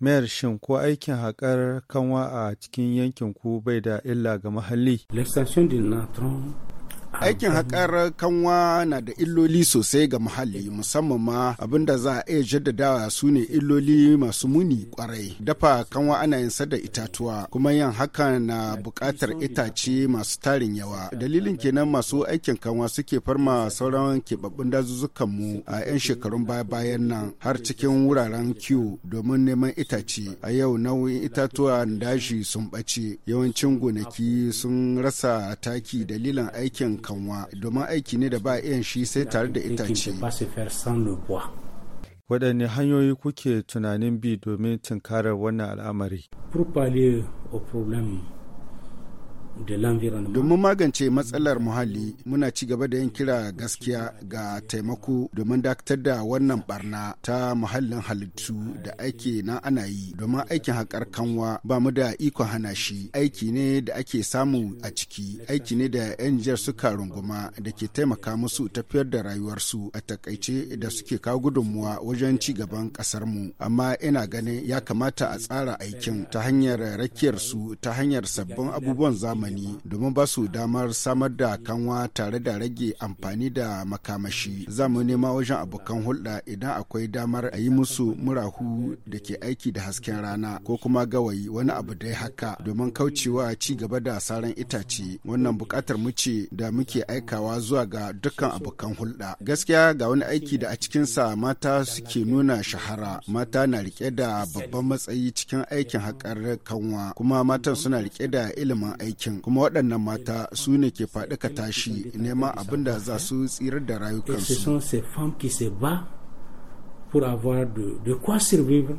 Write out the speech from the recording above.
Mayar shin ko aikin haƙar kanwa a cikin yankin ku bai da illa ga muhalli? Aikin haƙar kanwa na da illoli sosai ga muhalli musamman ma abin da za a iya jaddadawa su ne illoli masu muni kwarai. Dafa kanwa ana yin da itatuwa kuma yin haka na buƙatar itace masu tarin yawa. Dalilin kenan masu aikin kanwa suke farma sauran keɓaɓɓun dazuzzukan mu a 'yan shekarun baya-bayan nan har cikin wuraren kiwo domin neman itace. A yau nau'in itatuwan daji sun ɓace yawancin gonaki sun rasa taki dalilin aikin kanwa domin aiki ne da ba iyan shi sai tare da itace. waɗanne hanyoyi kuke tunanin bi domin tunkarar wannan al'amari? Domin magance matsalar muhalli muna ci gaba da yin kira gaskiya ga taimako domin dakatar da wannan barna ta muhallin halittu da aiki na ana yi domin aikin haƙar kanwa ba mu da ikon hana shi aiki ne da ake samu a ciki aiki ne da 'yan jiyar suka runguma da ke taimaka musu tafiyar da rayuwarsu a takaice da suke kawo gudunmuwa wajen ci gaban ƙasarmu amma ina ganin ya kamata a tsara aikin ta hanyar su ta hanyar sabbin abubuwan zamani zamani domin ba su damar samar da kanwa tare da rage amfani da makamashi za mu nema wajen abokan hulɗa idan akwai damar a yi musu murahu da ke aiki da hasken rana ko kuma gawayi wani abu dai haka domin kaucewa ci gaba da saran itace wannan buƙatar mu ce da muke aikawa zuwa ga dukkan abokan hulɗa gaskiya ga wani aiki da a cikinsa mata suke nuna shahara mata na rike da babban matsayi cikin aikin haƙar kanwa kuma matan suna rike da ilimin aikin Ce sont ces femmes qui se battent pour avoir de quoi survivre.